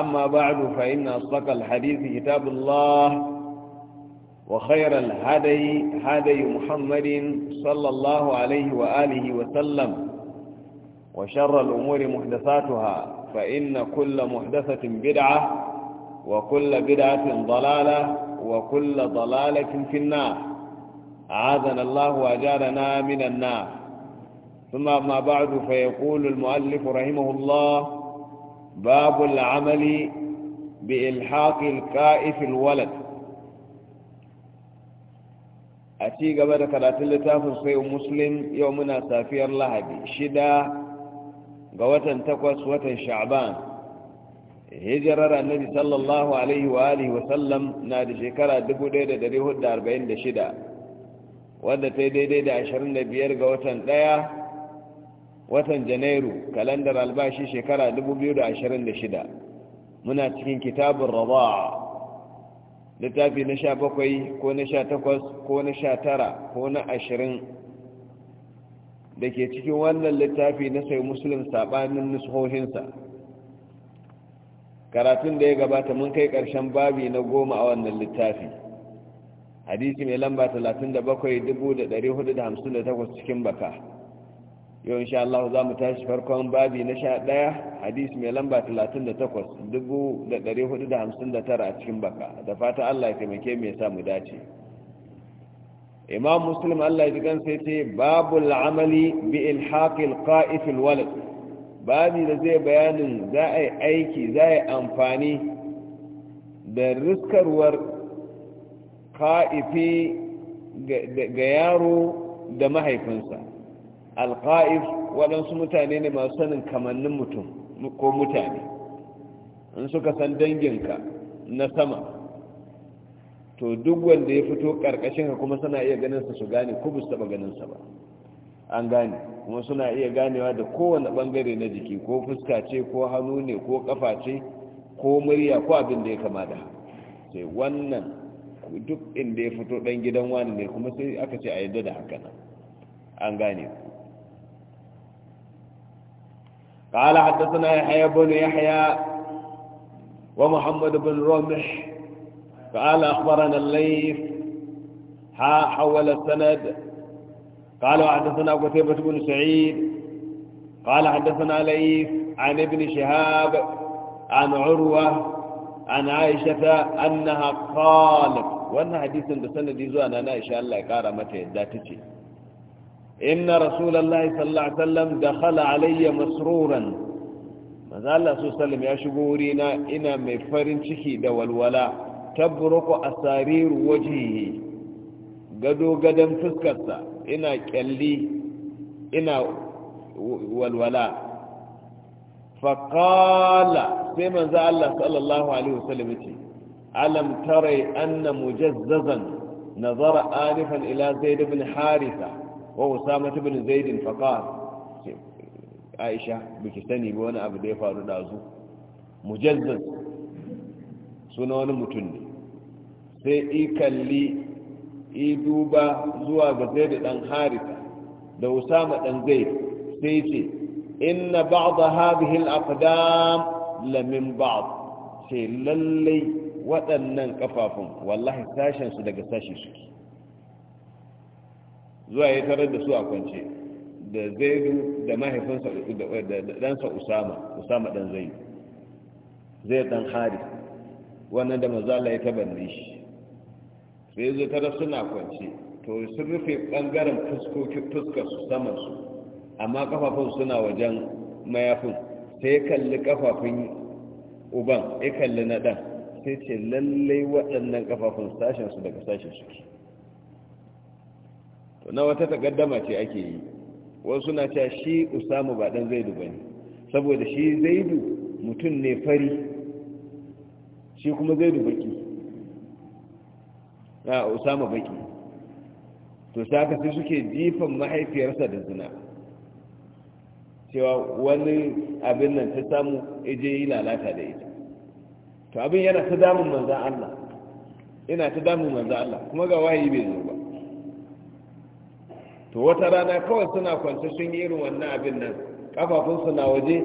أما بعد فإن أصدق الحديث كتاب الله وخير الهدي هدي محمد صلى الله عليه وآله وسلم وشر الأمور محدثاتها فإن كل محدثة بدعة وكل بدعة ضلالة وكل ضلالة في النار أعاذنا الله وأجالنا من النار ثم ما بعد فيقول المؤلف رحمه الله باب العمل بإلحاق الكائف الولد أتي قبل ثلاثة لتاف صيو مسلم يومنا سافير لهب شدا قوة تقوس وتن شعبان hijirar annabi sallallahu alaihi wa alihi na da shekara 1446 wadda ta daidai da biyar ga watan ɗaya. watan janairu kalandar albashi shekara 2026 muna cikin kitabun raba'a littafi na sha bakwai ko na sha takwas ko na sha tara ko na ashirin da ke cikin wannan littafi na sai musulun saɓanin nusohinsa karatun da ya gabata mun kai ƙarshen babi na goma a wannan littafi hadisi mai lamba 37,458 cikin baka yau insha Allah za mu tashi farkon babi na sha ɗaya hadisi mai lamba 38,459 a cikin baka da fata Allah ya taimake mai mu dace imam muslim Allah ya jikan sai ce babu al'amali bi ilhaƙil ƙa'ifil walad babi da zai bayanin za a yi aiki za a yi amfani da riskarwar ƙa'ifi ga yaro da mahaifinsa alƙa'if waɗansu mutane ne masu sanin kamannin mutum ko mutane in suka san danginka na sama to duk wanda ya fito ƙarƙashinka kuma suna iya ganinsa su gane ku bus taɓa ganinsa ba an gane kuma suna iya ganewa da kowane ɓangare na jiki ko fuska ce ko hannu ne ko ƙafa ce ko murya ko abin da ya kama da sai wannan duk inda ya fito ɗan gidan wani ne kuma sai aka ce a yadda da haka an gane ku قال حدثنا يحيى بن يحيى ومحمد بن رمح قال أخبرنا الليث ها حول السند قال حدثنا قتيبة بن سعيد قال حدثنا ليث عن ابن شهاب عن عروة عن عائشة أنها قالت وأن حديث بسند يزوى أنا شاء الله يقارمته ذاتك إن رسول الله صلى الله عليه وسلم دخل علي مسرورا ماذا الله صلى الله عليه وسلم يشبورينا إنا مفرن شكي دول ولا تبرق أسارير وجهه قدو قدم فسكسا إنا كلي إنا والولا فقال سيما ذا الله صلى الله عليه وسلم ألم تري أن مجززا نظر آنفا إلى زيد بن حارثة wa usama ibn zaid fa aisha biki sani ba wani abu da ya faru dazu mujazzaz suna wani mutum ne sai i kalli i duba zuwa ga zaid dan harisa da usama ɗan zai sai ce inna ba'd hadhihi al-aqdam la min ba'd sai lallai waɗannan kafafun wallahi sashen su daga sashi suke zuwa ya tarar da su a kwance da zaidu da mahaifinsa da ɗansa usama usama ɗan zai zai ɗan hari wannan da mazala ya tabanne shi sai zai tarar suna kwance to sun rufe ɓangaren fuskar su saman su amma kafafun suna wajen mayafin sai kalli kafafun uban ya kalli na ɗan sai ce lallai waɗannan kafafun sashen su daga sashen suke to na wata takaddama ce ake yi wasu na cewa shi usama ba dan zaidu bane saboda shi zaidu mutum ne fari shi kuma zaidu baki a usama baki to sai saka sai suke jifan mahaifiyarsa da zina cewa wani abin nan ta samu ije yi lalata da ita to abin yana ta damun manzan Allah ina ta damun manzan Allah kuma ga wayi bai zo ba to wata rana kawai suna kwance sun yi irin wannan abin nan kafafunsu na waje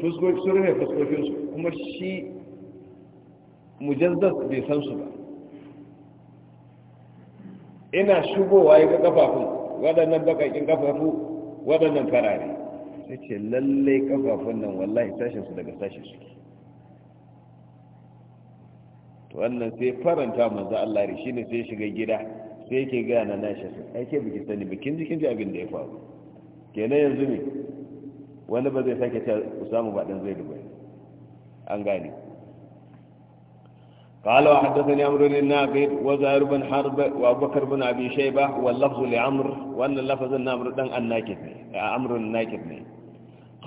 sun rufe fuskokinsu kuma shi mujazzas bai san su ba ina shigowa ya ga kafafun waɗannan bakakin kafafu waɗannan farare sai ce lallai kafafun nan wallahi tashinsu daga tashin su to wannan sai faranta manzo Allah shi ne sai shiga gida sai ke gana na shafi aike buki sani bikin jikin ji abin ya faru kenan yanzu ne ba zai sake ta usamu ba ɗan zai dubu an gani ƙalawa haddasa ne na gaib wa zahar bin harba wa bakar bin abin ba wa lafzu li amur wannan lafazin na ɗan an nakit ne a amurin nakit ne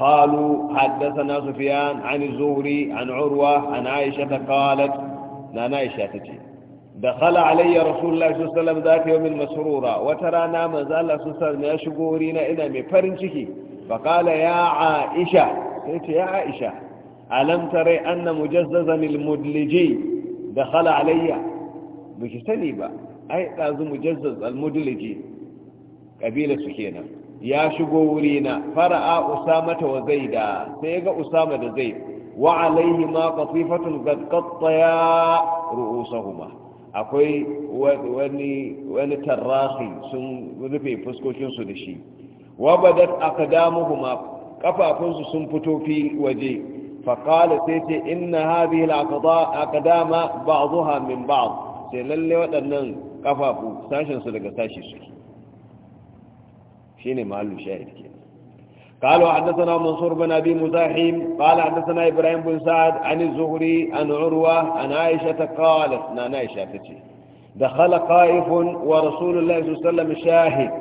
قالوا حدثنا سفيان عن الزهري عن عروة عن عائشة قالت نا عائشة تجي دخل علي رسول الله صلى الله عليه وسلم ذات يوم مسرورا وترانا ما زال الله صلى الله عليه وسلم إنا مفرن شكي فقال يا عائشة قلت يا عائشة ألم تري أن مجززا المدلجي دخل علي بكتني با أي لازم مجزز المدلجي قبيلة سكينة يا شقورينا فرأى أسامة وزيدا سيقى أسامة وزيد وعليهما قطيفة قد قطيا رؤوسهما akwai wani wani sun rufe fuskokinsu da shi wabadat aqdamuhuma kafafunsu sun fito fi waje faqala sai ce inna hadhihi dama aqdama zuha min ba'd sai lalle waɗannan kafafu sashin daga sashi su shine mahallu shahid ke قالوا حدثنا منصور بن أبي مزاحم قال حدثنا إبراهيم بن سعد عن الزهري عن عروة عن عائشة قالت نعم عائشة تجي دخل قائف ورسول الله صلى الله عليه وسلم شاهد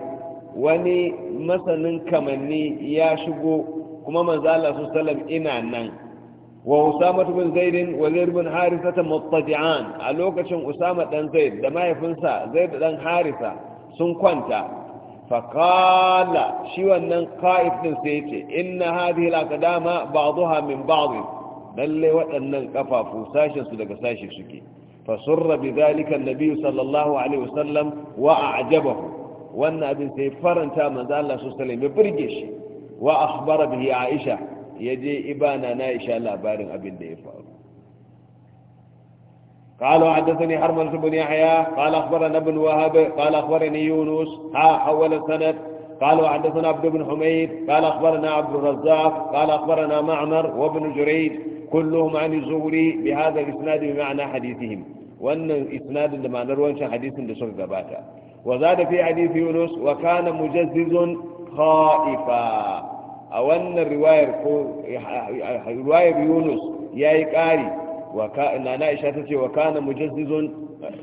وني مثلا كمني يا شبو كما من زال الله صلى الله عليه وسلم إنا نن وأسامة بن زيد وزيد بن حارثة مضطجعان علوكة أسامة بن زيد دما يفنسا زيد بن حارثة سنكونتا faƙala shi wannan ka'if ɗin sai ce inna hadhihi al-aqdama ba'daha min ba'd lalle waɗannan kafafu sashin su daga sashi suke rabi zalikan an-nabi sallallahu alaihi wasallam wa a'jabahu wannan abin sai faranta manzo Allah su sallame burge shi wa akhbara bihi Aisha je ibana na Aisha labarin abin da ya faru قالوا حدثني حرمل بن يحيى قال أخبرنا ابن وهب قال أخبرني يونس ها حول السند قالوا حدثنا عبد بن حميد قال أخبرنا عبد الرزاق قال أخبرنا معمر وابن جريج كلهم عن الزهري بهذا الإسناد بمعنى حديثهم وأن الإسناد لما نروانش حديث لشغل ذباتا وزاد في حديث يونس وكان مجزز خائفا أو أن الرواية, الرواية يونس يا إكاري nana isha ta ce wa kana mujazzizun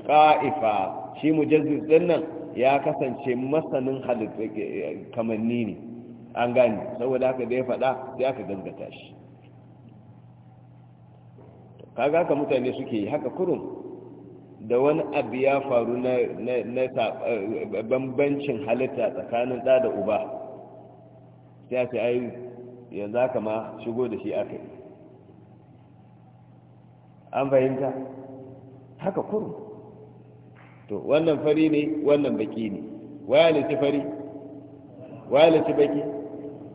ka'ifa shi mujazziz nan ya kasance masanin halittu eh, kamanni ne an gani saboda haka da ya faɗa sai aka gangata shi kaga haka mutane suke haka kurum da wani abu ya faru na eh, bambancin halitta tsakanin ɗa da uba sai a yanzu haka ma shigo da shi aka an fahimta haka kurum to wannan fari ne wannan baki ne waya ci fari waya ci baki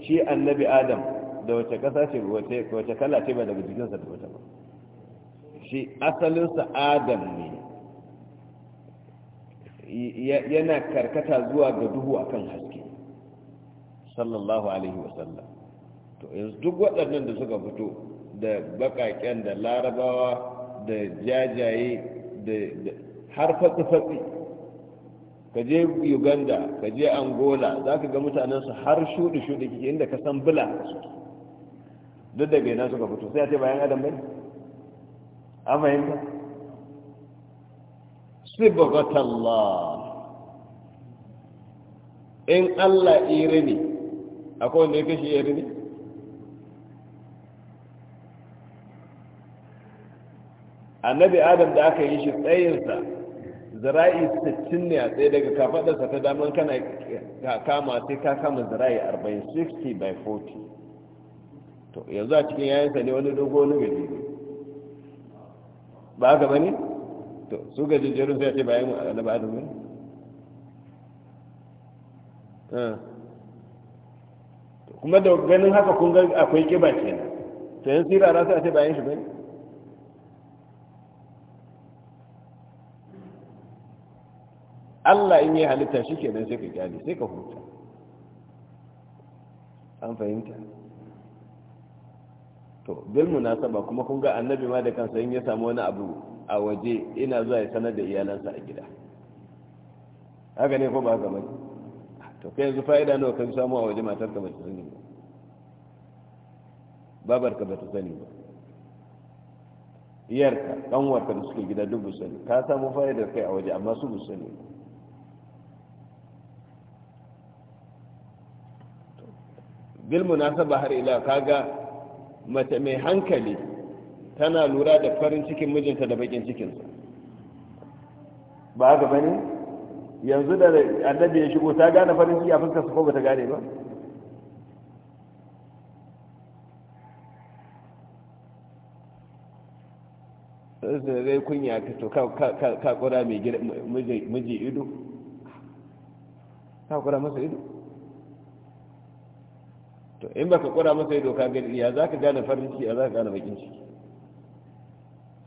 shi annabi adam da wace kasa ce wace kala ce ba daga jikinsa da wata ba shi asalinsa adam ne yana karkata zuwa ga duhu akan haske sallallahu alaihi wasallam to yanzu duk waɗannan da suka fito da bakaken, da larabawa da jajaye da har fatsi-fatsi ka je uganda ka je angola za ka ga mutanensu har shudu-shudu kike inda ka san bula duk da gaina suka fito sai a ce bayan adam bai a fahimta sibghatallah in allah iri ne akwai wanda ya kashe iri ne annabi adam da aka yi shi tsayinsa zira'i 60 ne a tsaye daga kafadarsa ta daman kana kama sai ka kama zira'i 40 60 by 40 to yanzu a cikin yayinsa ne wani dogo wani gaji ba haka bane to su gajejjerun sai ce bayan annabi adam ne kuma da ganin haka kun ga akwai kiba ce. sai sirara sai a ce bayan shi bane Allah in yi halitta shi ke nan sai ka kyale sai ka huta an fahimta to bil saba kuma kun ga annabi ma da kansa in ya samu wani abu a waje ina zuwa ya sanar da iyalansa a gida haka ne ko ba ga mai to kai yanzu fa'ida nawa kan samu a waje matar ka bata sani ba babar ka bata sani ba iyarka ɗanwarka da suke gida duk sani ka samu fa'idar kai a waje amma su bu sani ba na saba har ila kaga mace mai hankali tana lura da farin cikin mijinta da bakin cikinsa ba ga bane yanzu da annabi ya shigo ta gane farin ciki a su ko bata gane ba zai kunya ka to ka kura mai miji ido ka kura masa ido to in baka kura masa ido ka gani ya zaka gane farin ciki ya zaka gane bakin ciki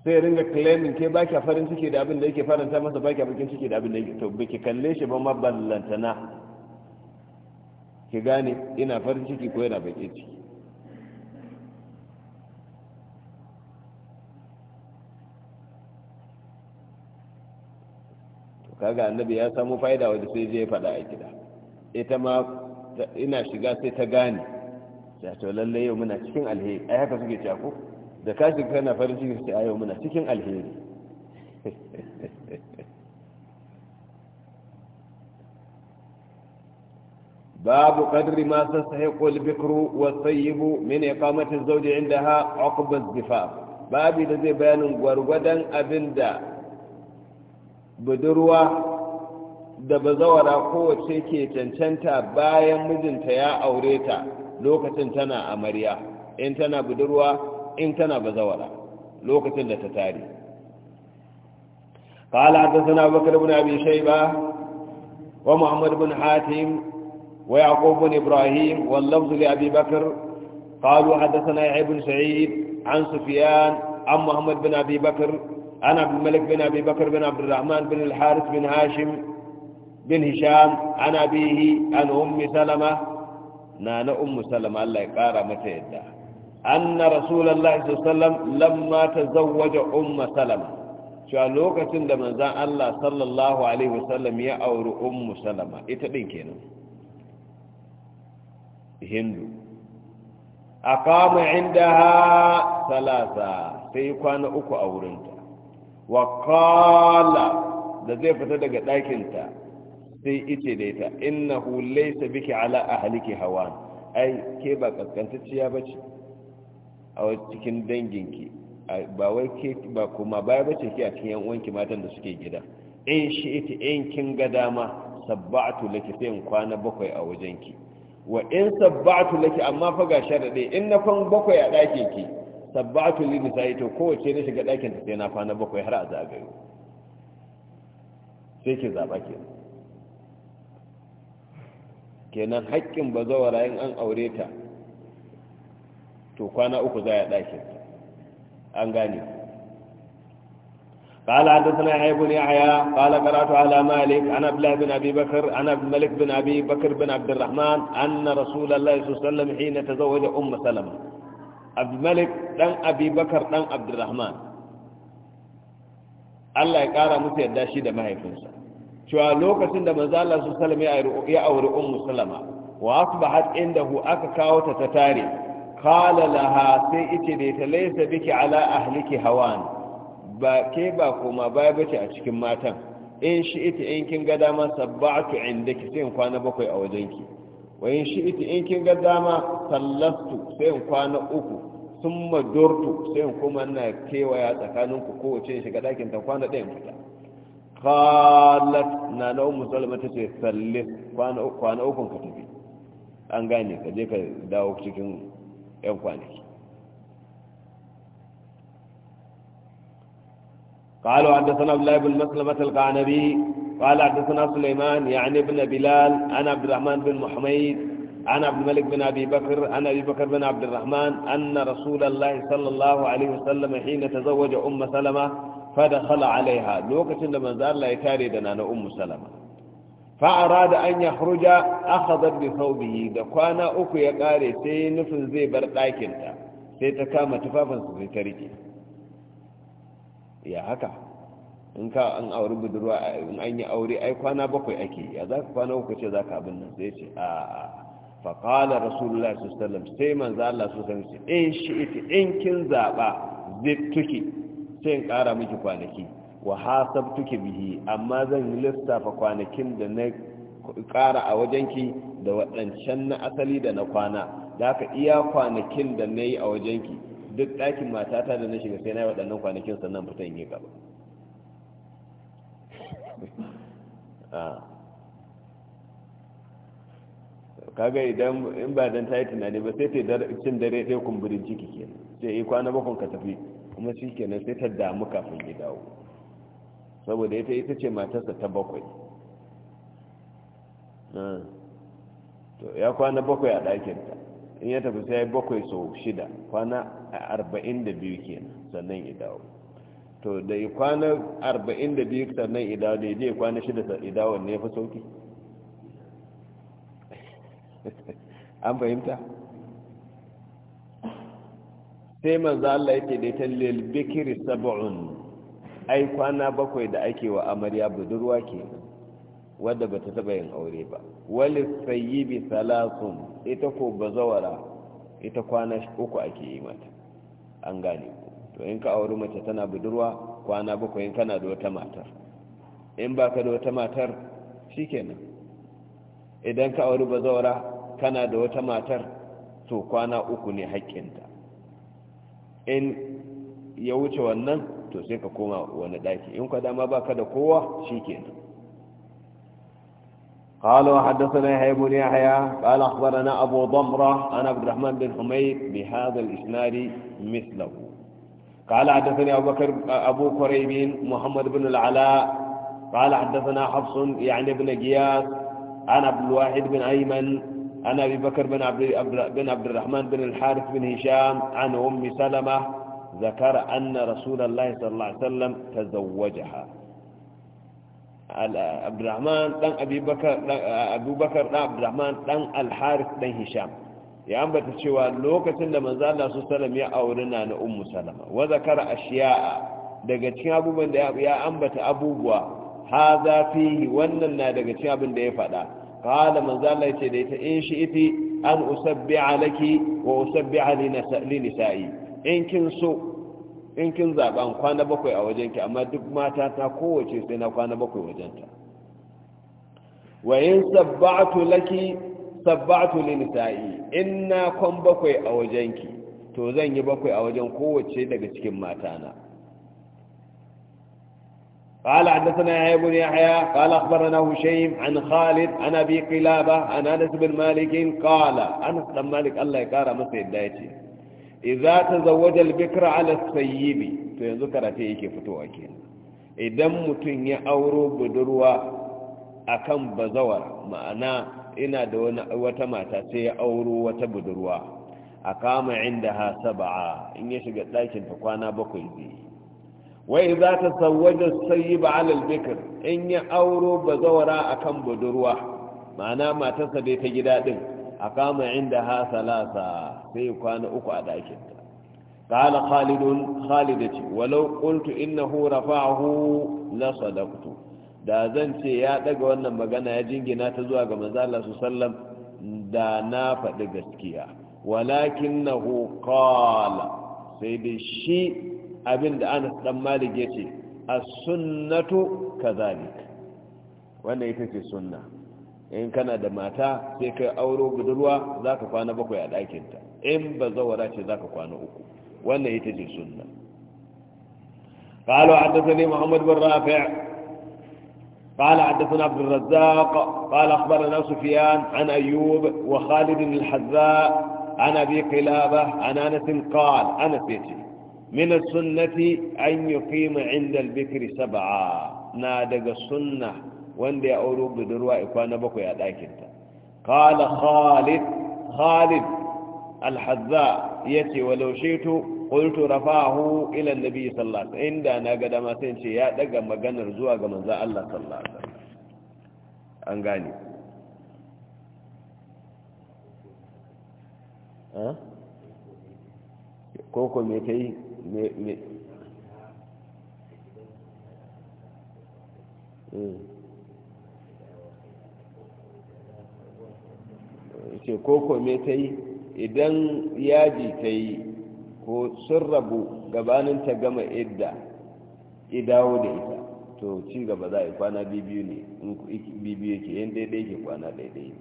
sai ya ringa claiming ke baki a farin ciki da abin da yake faranta masa baki a bakin ciki da abin da yake to baki kalle shi ba maballantana ki gane ina farin ciki ko yana bakin ciki kaga annabi ya samu fa'ida wadda sai je ya faɗa a gida ita ma ina shiga sai ta gane ya to lalle yau muna cikin alheri ai haka suke cewa ko da kashi kana farin ciki sai yau muna cikin alheri babu qadri ma sasahiqu al-bikru wa sayyibu min iqamati az-zawji 'indaha 'uqba az-zifaf babu da zai bayanin gwargwadon abinda budurwa da bazawara kowace ke cancanta bayan mijinta ya aure ta lokacin tana amarya in tana budurwa in tana bazawara lokacin da ta tare قال حدثنا بكر بن أبي شيبة ومحمد بن حاتم ويعقوب بن إبراهيم واللفظ لأبي بكر قالوا حدثنا يحيى بن سعيد عن سفيان عن محمد بن أبي بكر عن عبد الملك بن أبي بكر بن عبد الرحمن بن الحارث بن هاشم بن هشام عن أبيه عن أم سلمة na na ummu salama Allah ya kara mata yadda anna rasulullahi sallallahu lamma tazawwaja ummu salama cewa lokacin da manzon Allah sallallahu alaihi wasallam ya auri ummu salama ita din kenan hindu aqama indaha salasa sai kwana uku a wurinta wa qala da zai fita daga ɗakinta sai ice da ita hulai laysa biki ala ahliki hawan ai ke ba kaskantacciya bace a cikin danginki ba wai ke ba kuma baya bace ki a cikin yan uwanki matan da suke gida in shi ita in kin ga dama sabba'tu laki sai in kwana bakwai a wajenki wa in sabba'tu laki amma fa ga sharade in na kwan bakwai a dakin ki sabba'tu li nisa'i to kowace ne shiga dakin ta sai na kwana bakwai har a zagayo sai ki zaba kenan kenan haƙƙin bazawara in an aure ta to kwana uku za a ɗakin an gane قال حدثنا يحيى بن يحيى قال قرات على مالك عن عبد الله بن ابي بكر عن عبد الملك بن ابي بكر بن عبد الرحمن ان رسول الله صلى الله عليه وسلم حين تزوج ام سلمه عبد الملك دان ابي بكر دان عبد الرحمن الله يقرا musu yadda shi da mahaifinsa cewa lokacin da manzo Allah su sallama ya aure ummu sallama wa asbahat indahu aka kawo ta ta tare qala laha sai ita da ita laisa biki ala ahliki hawan ba ke ba kuma baya bace a cikin matan in shi ita in kin ga dama sabba'tu indaki sai in kwana bakwai a wajenki wa in shi ita in kin ga dama sallastu sai in kwana uku summa durtu sai in kuma na kewaya tsakaninku kowace shiga dakin ta kwana ɗayan fita qalat na na ummu salama tace sallis kwana uku kwana uku ka tafi an gane ka je ka dawo cikin yan kwanaki قالوا حدثنا عبد الله بن مسلمة القعنبي قال حدثنا سليمان يعني ابن بلال انا عبد الرحمن بن محميد انا عبد الملك بن ابي بكر انا ابي بكر بن عبد الرحمن ان رسول الله صلى الله عليه وسلم حين تزوج ام سلمه fada hala alaiha lokacin da manzo Allah ya tare da nana ummu salama fa arada an yakhruja akhadha bi thawbihi da kwana uku ya kare sai nufin zai bar dakin ta sai ta kama tufafin su ta rike ya haka in ka an aure budurwa in an yi aure ai kwana bakwai ake ya za ka kwana uku ce za ka abin nan sai ce a a fa qala rasulullah sallallahu alaihi wasallam sai manzo Allah sallallahu alaihi wasallam ce in shi'ti in kin zaba zai tuki sai in ƙara miki kwanaki wa hasabtuki bihi amma zan lissafa kwanakin da na ƙara a wajenki da waɗancan na asali da na kwana da ka iya kwanakin da na yi a wajenki duk ɗakin matata da na shiga sai na yi waɗannan kwanakin sannan fitan yi gaba ah. kaga idan in ba dan ta yi tunani ba sai ta yi cin dare ɗaya kumburin ciki ke sai yi kwana bakon ka tafi kuma shi kenan sai ta damu kafin ya dawo saboda ita ta ce matarsa ta bakwai to ya kwana bakwai a ɗakinta in ya tafi sai bakwai sau shida kwana a arba'in da biyu kenan sannan ya dawo to da ya kwana arba'in da biyu sannan ya dawo da ya je kwana shida ya dawo ne ya fi sauki an fahimta sai manzo Allah yake da ta lil bikri sab'un ai kwana bakwai da ake wa amarya budurwa ke wadda bata taba yin aure ba walis sayyibi salasun ita ko bazawara ita kwana uku ake yi mata an gane to in ka auri mace tana budurwa kwana bakwai in kana da wata matar in baka da wata matar shikenan idan ka auri bazawara kana da wata matar to kwana uku ne haƙƙinta in ya wuce wannan to sai ka koma wani daki in ka dama baka da kowa nan قال وحدثنا يحيى بن يحيى قال اخبرنا ابو ضمره انا عبد الرحمن بن حميد بهذا الاسناد مثله قال حدثني ابو بكر ابو كريب محمد بن العلاء قال حدثنا حفص يعني بن جياس انا عبد الواحد بن ايمن عن أبي بكر بن عبد, بن عبد الرحمن بن الحارث بن هشام عن أم سلمة ذكر أن رسول الله صلى الله عليه وسلم تزوجها عبد الرحمن دان أبي بكر أبو بكر دان عبد الرحمن دان الحارث هشام ya ambata cewa lokacin da manzo Allah su sallam ya auri na na ummu salama wa zakara daga cikin abubuwan da ya ambata abubuwa ha zafi wannan na daga cikin abin da ya faɗa qala manzo Allah yace da ita in shi iti an usabbi'a laki wa usabbi'a li nisa'i in kin so in kin zaɓa kwana bakwai a wajenki amma duk mata ta kowace sai na kwana bakwai wajenta wa in sabba'tu laki sabba'tu li nisa'i in na kwan bakwai a wajenki to zan yi bakwai a wajen kowace daga cikin matana قال حدثنا يحيى بن يحيى قال اخبرنا هشيم عن خالد عن ابي قلابه عن انس بن مالك قال انس بن مالك الله يكرمه مسا يدايتي اذا تزوج البكر على السيب to yanzu karate yake fito kenan idan mutum ya auro budurwa akan bazawar ma'ana ina da wata mata sai ya auro wata budurwa a kama inda ha in ya shiga ɗakin kwana bakwai wai za ta sauwaje sayi ba alal in ya auro bazawara a kan budurwa ma'ana matarsa dai ta gida din. a kama inda ha salasa sai kwana uku a ta. ɗakinta قال خالد خالد ولو قلت rafa'ahu la sadaqtu da zan ce ya daga wannan magana ya jingina ta zuwa ga manzo Allah sallam da na faɗi gaskiya walakinahu qala sai da shi abin da anas dan malik ya ce a sunnatu kazalik wannan ita ce sunna in kana da mata sai kai auro budurwa za ka kwana bakwai a ɗakinta in ba zawara ce za ka kwana uku wannan ita ce sunna قالوا حدثني محمد بن رافع قال حدثنا عبد الرزاق قال أخبرنا سفيان عن أيوب وخالد الحذاء عن أبي قلابة عن أنس قال أنس يتي Mina sunnati an yuqima inda bikri saba'a na daga sunna wanda ya auro budurwa kwana bakwai a ɗakin ta qala khalid khalid al-hazza yace walau shaytu qultu rafa'ahu ila an-nabi sallallahu alaihi inda na ga dama sai ce ya daga maganar zuwa ga manzo Allah sallallahu an ko ko me kai Mm. ce koko me ta yi idan yaji ta yi ko sun rabu gabanin ta gama idda idawo da ita to ci gaba za a yi kwana bibiyu ne bibiyu ke yin daidai ke kwana daidai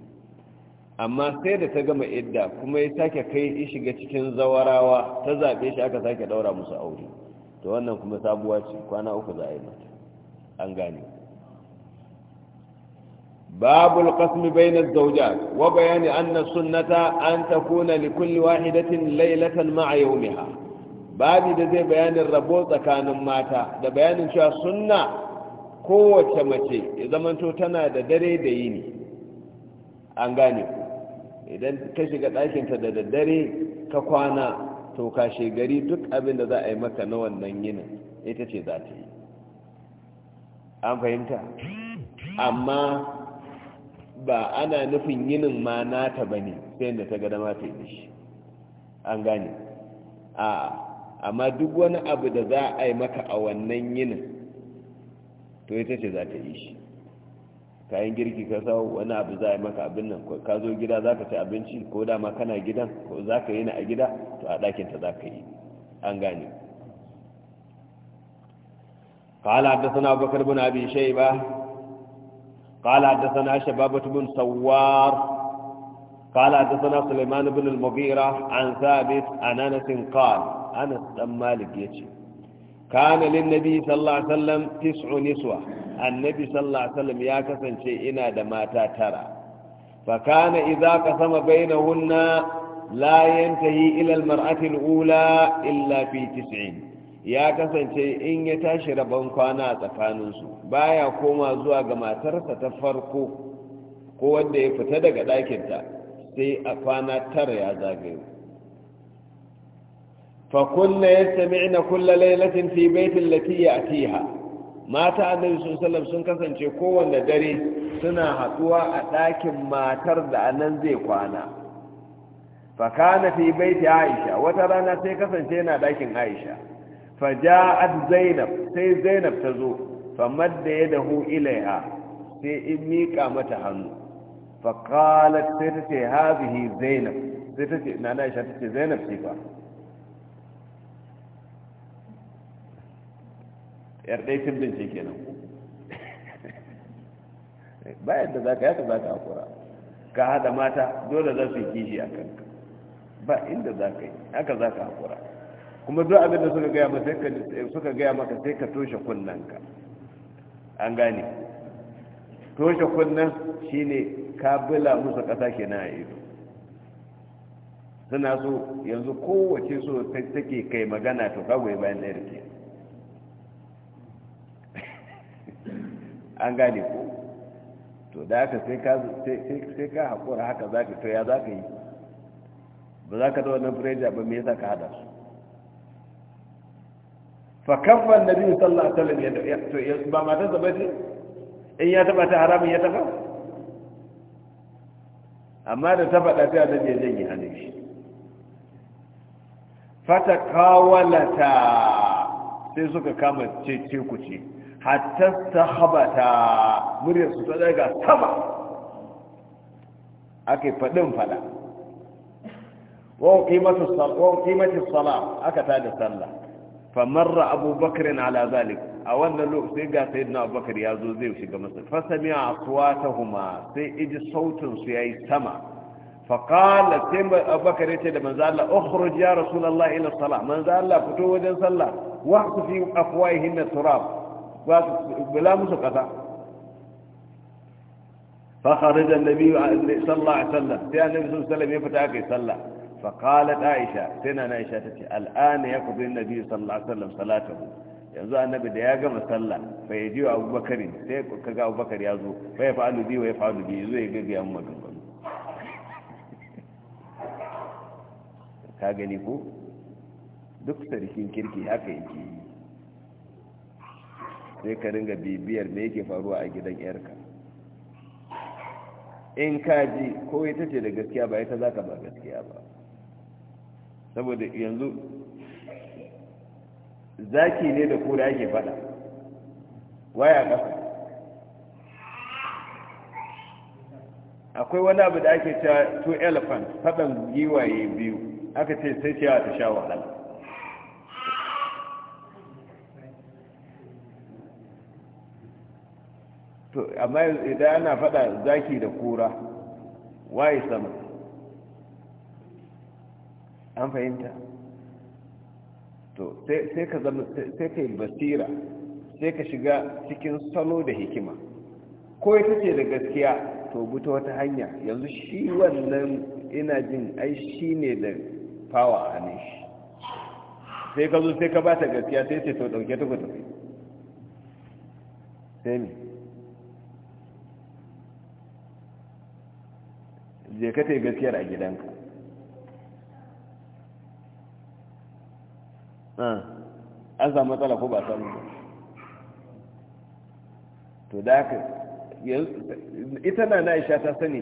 amma sai da ta gama idda kuma ya sake kai ya shiga cikin zawarawa ta zaɓe shi aka sake ɗaura musu aure to wannan kuma sabuwa ce kwana uku za a yi mata an gane babu bayna az-zawjat wa bayani anna sunnata an takuna li kulli wahidatin laylatan ma'a yawmiha babi da zai bayanin rabo tsakanin mata da bayanin cewa sunna kowace mace ya zamanto tana da dare da yini an gane ku idan ka shiga ɗakinta da daddare ka kwana to kashe gari duk abin da za a yi maka na wannan yinin ita ce za ta yi an fahimta amma ba ana nufin yinin ma nata ba ne sai da ta gada mata yi shi an gane a amma duk wani abu da za a yi maka a wannan yinin to ita ce za ta yi shi kayan girki ka sau wani abu za a yi maka abin nan ka zo gida za ka ci abinci ko dama kana gidan ko za ka yi na a gida to a ɗakinta za ka yi an gane قال حدثنا أبو بكر بن أبي شيبة قال حدثنا شبابة بن سوار قال حدثنا سليمان بن المغيرة عن ثابت عن أنس Anas Dan Malik ya ce. kana lin nabi sallallahu alaihi wasallam tis'u ya kasance ina da mata tara fa kana idza qasama bainahunna la yantahi ila almar'ati alula ya kasance in ya tashi rabon kwana a tsakaninsu baya koma zuwa ga matarsa ta farko ko ya fita daga ɗakinta sai a kwana tara ya zagayo فكنا يستمعن كل ليلة في بيت التي يأتيها mata annabi sun sallam sun kasance kowanne dare suna haɗuwa a ɗakin matar da anan zai kwana fakana fi baiti aisha wata rana sai kasance yana ɗakin aisha faja'at zainab sai zainab ta zo famadda yadahu ilaiha sai in miƙa mata hannu faqalat sai ta ce hazihi zainab sai ta ce nana aisha ta ce zainab ce fa yar dai tindin ce kenan bayan da zaka yaka zaka hakura ka hada mata dole za su yi kishi a kanka ba inda ka yi haka za ka hakura kuma duk abin da suka gaya maka suka gaya maka sai ka toshe kunnanka an gane toshe kunnan shine ka bila musu kasa kenan a ido suna so yanzu kowace so take kai magana to kawai bayan ɗaya da an gane ko to da aka sai ka haƙura haka za ka to ya za ka yi ba za ka da wannan fureja ba me yasa ka hada su fa kaffa biyu sallallahu alaihi wasallam ya to ba matar zaba ce. in ya taba ta haramun ya taba amma da ta faɗa sai annabi ya yi hannun shi fata kawalata sai suka kama ce ku ce حتى استخبت مريم ستلقى سبع أكي فدن فلا وهو قيمة الصلاة وهو قيمة الصلاة أكا تادي صلى فمر أبو بكر على ذلك أولا لو سيقا سيدنا أبو بكر يازو زيو شيقى مصر فسمع أصواتهما سيئج صوت اي سمع فقال سيما أبو بكر يتدى من ذال أخرج يا رسول الله إلى الصلاة من ذال فتوه جن صلى وقت في أفواههن التراب بلا musu kasa fa kharaja annabi sallallahu alaihi wasallam sai annabi sallallahu alaihi wasallam ya fita kai sallah fa qalat aisha sai na aisha tace al'ana yaqdi annabi sallallahu yanzu annabi da ya gama sallah fa yaji wa abubakar sai kaga abubakar ya zo fa ya fa'alu bi wa ya fa'alu bi zai ga biyan maganganu ka gani ko duk sarkin kirki haka yake yi sai ka ringa bibiyar me yake faruwa a gidan yarka in ka ji ko ita ce da gaskiya ba ita za ka ba gaskiya ba saboda yanzu zaki ne da kura yake fada waya kasa akwai wani abu da ake cewa two elephants fadan giwaye biyu aka ce sai ciyawa ta sha wahala to amma idan ana fada zaki da kura waye sama an fahimta to sai ka zama sai ka yi basira sai ka shiga cikin salo da hikima ko ita ce da gaskiya to buta wata hanya yanzu shi wannan ina jin ai shi ne da fawa a ne shi sai ka zo sai ka ba ta gaskiya sai ce to dauke ta gudu sai ne je ka tai gaskiyar a gidanka an samu matsala ko ba samu ba to da haka ita na na isha ta sani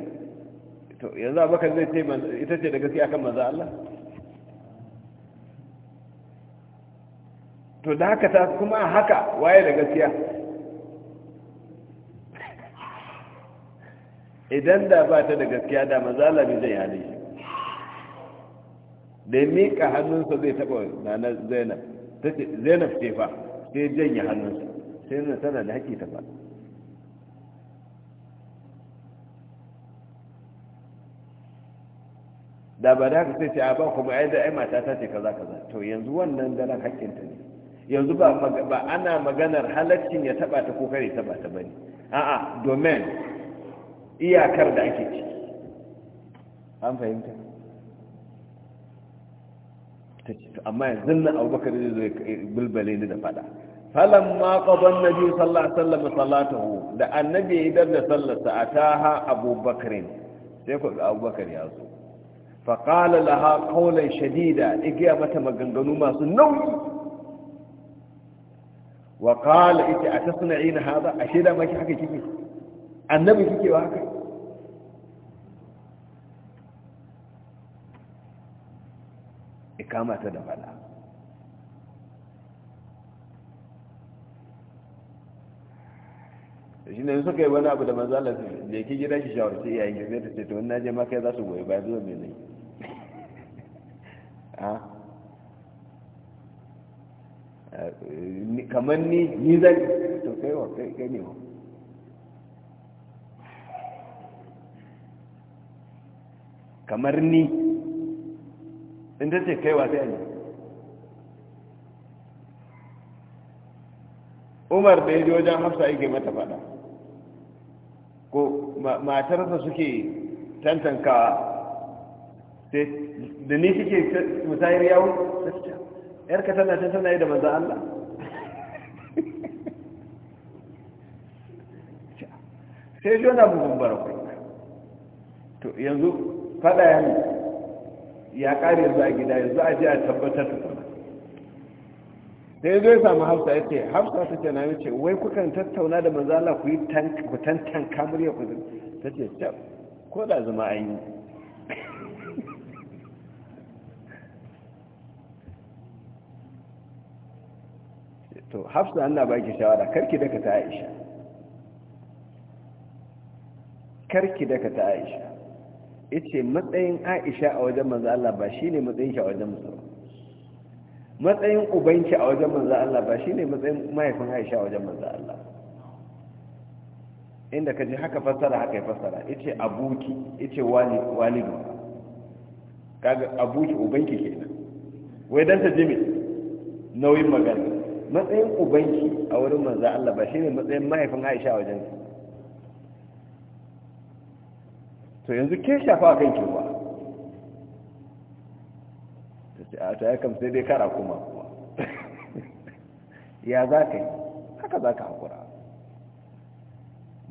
to yanzu abokan zai ce ita ce da gaskiya kan maza Allah to da haka ta kuma haka waye da gaskiya idan da ba ta da gaskiya da mazala ne zai yare shi da ya miƙa hannunsa zai taɓa na zainab ta ce zainab ce fa sai janye hannunsa sai na tana da haƙƙi ta faɗa da ba da haka sai ce a ba kuma ai da ai mata ta ce kaza kaza to yanzu wannan daren haƙƙinta ne yanzu ba ana maganar halaccin ya taɓa ta ko kare taɓa ta bane a'a domin iyakar da ake ci an fahimta ta ci amma yanzu na abubakar zai zo bulbale ni da fada falan ma qaban nabi sallallahu alaihi wasallam salatahu da annabi ya idar da sallarsa ataha abubakar sai ku abubakar ya zo fa qala laha qawlan shadida igiya mata maganganu masu nauyi wa qala ita atasna'ina hada ashe da maki haka kike annabi suke ba haka ikama ta da bala shi ne su kai wani abu da manzala su da yake gida shi shawarci yayin gizai ta ce to wani naje maka za su goyi ba zuwa mai zai ah. eh, kamar ni ni zai to kai wa kai ne wa kamar ni in ta ce kaiwa sai ne umar da ya ji wajen hafsa yake mata fada ko matarsa suke tantankawa sai da ni suke musayar yawo yarka tana ta tana yi da maza Allah sai shi wani abubuwan barakwai to yanzu fada ya ya kare yanzu a gida yanzu a je a tabbatar da kuma sai zai samu hafsa ya ce hafsa ta ce na yi ce wai kukan tattauna da manzala ku yi tantan kamar murya ku ta ce cap ko da zama an yi to hafsa ana baki shawara karki daga ta aisha karki daga ta aisha yace matsayin Aisha a wajen manzo Allah ba shine matsayin ki a wajen musulmi matsayin ubanki a wajen manzo Allah ba shine matsayin mahaifin Aisha a wajen manzo Allah inda ka ji haka fassara haka fassara yace abuki yace wali walidu kaga abuki ubanki kenan wai dan ta jimi nauyin magana matsayin ubanki a wurin manzo Allah ba shine matsayin mahaifin Aisha a wajen to yanzu ke shafa kan ki ba ta a ta ya kam sai dai kara kuma kuwa ya za ka yi haka za ka haƙura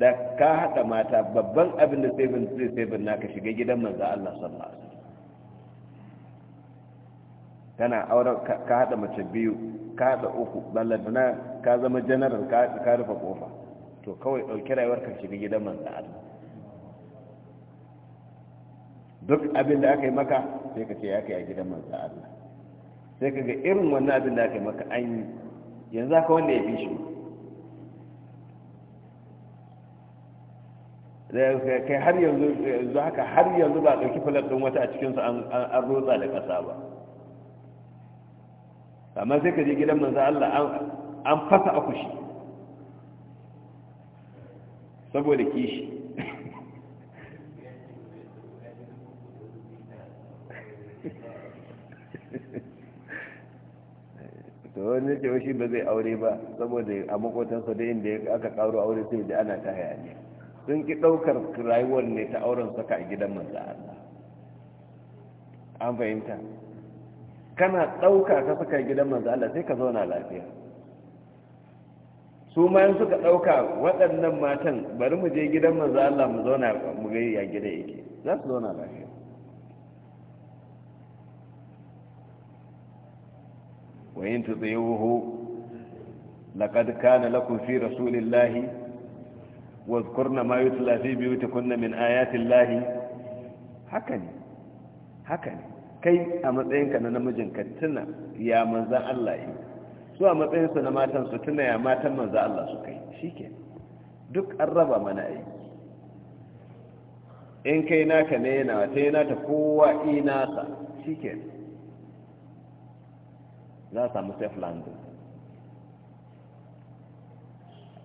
da ka haɗa mata babban abin da sabin zai sabin naka shiga gidan manza Allah sallallahu alaihi kana auren ka haɗa mace biyu ka haɗa uku balladana ka zama janaral ka rufe ƙofa to kawai ɗauki rayuwar ka shiga gidan manza Allah duk abin da aka yi maka sai ka ce ya kai a gidan manzan Allah sai ka ga irin wannan abin da aka yi maka an yi yanzu haka wanda ya fi shi kai har yanzu yanzu haka har yanzu ba a ɗauki falar ɗin wata a cikinsu an rotsa da ƙasa ba amma sai ka je gidan manzan Allah an fasa akushi saboda kishi to wani ce shi ba zai aure ba saboda a makotansa da inda aka karo aure sai da ana ta hayaniya sun ki daukar rayuwar ne ta auren saka a gidan manzo Allah an fahimta kana dauka ka saka gidan manzo Allah sai ka zauna lafiya su ma yin suka dauka waɗannan matan bari mu je gidan manzo Allah mu zauna mu ga ya gida yake za su zauna lafiya وإن تطيعوه لقد كان لكم في رسول الله واذكرن ما يتلى في بيوتكن من آيات الله هكذا هكذا kai a matsayinka na namijin ka tuna ya manzan Allah yi su a matsayinsu na matan su tuna ya matan manzan Allah su kai shi ke duk an raba mana aiki in kai naka ne yana ta yi nata kowa inasa shi ke za a samu safe landing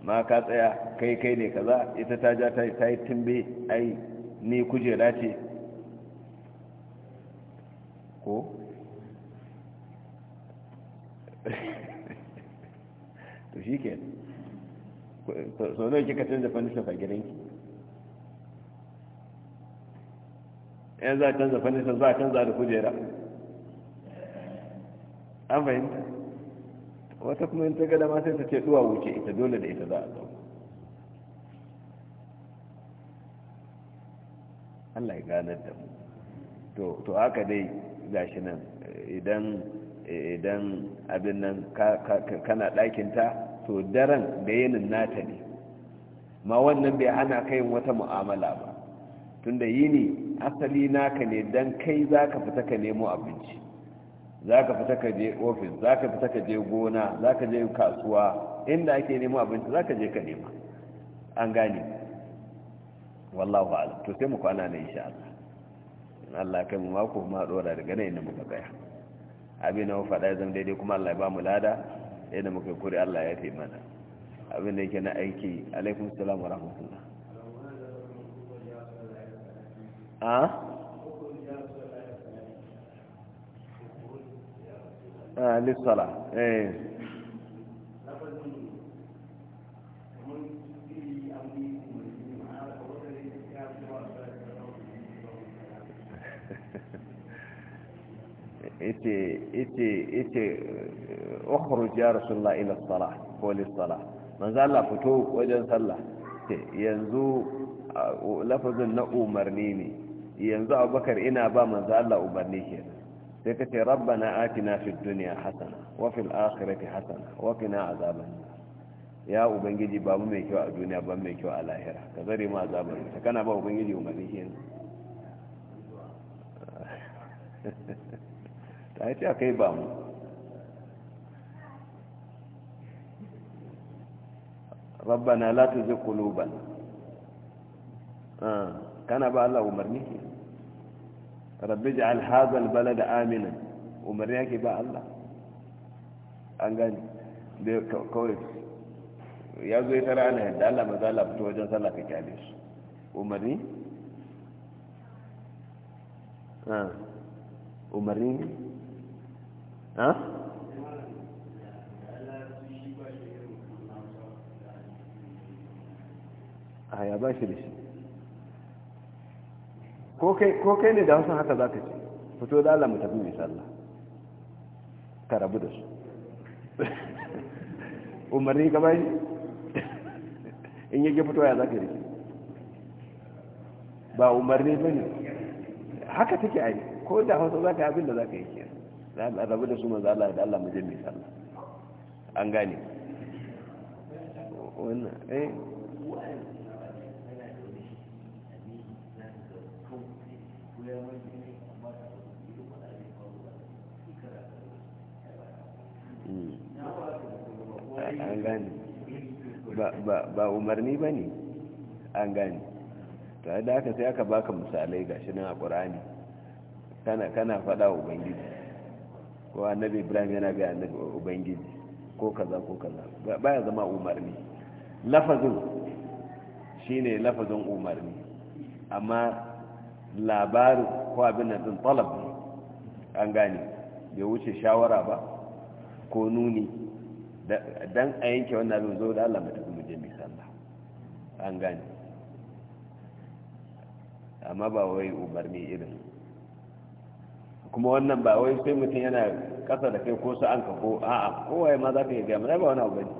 ma ka tsaya kai kai ne kaza ita ta ja ta yi timbe ai ni kujera ce ko to shi ke sau nawa kika canza fanishin a gidanki yan za a canza fanishin za a canza da kujera an fahimta wata kuma yin tagada ma sai ta ce duwa wuce ita dole da ita za a zo Allah ya ganar da mu to haka dai gashi nan idan idan abin nan kana ɗakinta to daren da yinin nata ne ma wannan bai hana kai wata mu'amala ba tunda yini asali naka ne don kai za ka fita ka nemo abinci za ka fita ka je ofis za ka fita ka je gona za ka je kasuwa inda ake nemo abinci za ka je ka nema an gane wallahu ala to sai mu kwana na insha Allah in Allah kai mu mako ma dora daga nan inda muka tsaya abin nan mu faɗa zan daidai kuma Allah ya ba mu lada inda muka kure Allah ya fi mana abin da yake na aiki alaikum salam wa rahmatullah a Eh, lissala eh. ite ite ite eh, ukhruj ya rasulullah ila salah ko lissalah manzo Allah fito wajen sallah yanzu ah, lafazin na umarni ne yanzu abubakar ina ba manzo Allah umarni kenan sai ka ce rabbana atina fid duniya hasana wa fil akhirati hasana wa qina azaban ya ubangiji ba mu mai kyau a duniya ba mai kyau a lahira ka zare mu azaban ta kana ba ubangiji umarni shi ne ta ce kai ba mu rabbana la tuzigh qulubana ah, kana ba Allah umarni shi رب اجعل هذا البلد آمنا ومرياك يبقى الله أنقل كويس يا زوي ترى أنا هدى الله ما زال أبتوه جنس الله في كاليس ومري ها ومرين ها هيا آه، باشي لشي ko kai ne da hausa haka za ka ce fito da Allah mu tafi mai sallah ka rabu da su umarni ka bai in yake fito ya za ka rike ba umarni ba ne haka take a yi ko da hausa za ka yi abin da za ka yi ke rabu da su manzo Allah da Allah mu je an gane wannan eh an gani ba umarni ba ne an gani tare da haka sai aka baka misalai ga shi nan a ƙorani kana faɗa ubangiji ko annabi ibrahim yana ga annabi ubangiji ko kaza ko kaza baya zama umarni lafazin shine lafazin umarni amma labarin ko abin nan din talab an gane bai wuce shawara ba ko nuni dan a yanke wannan abin zo da Allah mata kuma mai sallah an gane amma ba wai umarni irin kuma wannan ba wai sai mutum yana kasa da kai ko an ka ko a'a kowai ma za ka yi gama ba wani abu bane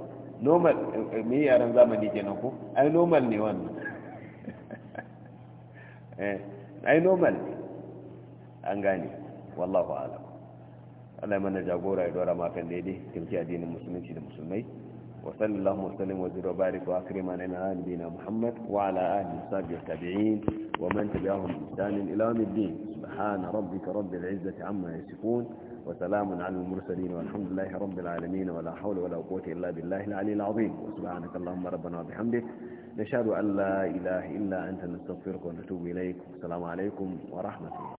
normal eh, me yaran zamani kenan ko ai normal ne wannan eh ai normal ne an gane wallahu alam Allah mana jagora ya dora makan daidai kimci addinin musulunci da musulmai wa sallallahu wasallam wa zira barik wa akrima na ina nabiyina muhammad wa ala ahli sabi wa tabi'in wa man tabi'ahum bi ihsan ila yawm din subhana rabbika rabbil izzati amma yasifun wa salamun ala al mursalin walhamdulillahi rabbil alamin wa la hawla wa la quwwata illa billahi al aliyyil azim wa subhanaka allahumma rabbana wa bihamdika da sha illa ila'ila'anta na safirku da tubu ilaikun salamu alaikum wa rahmatu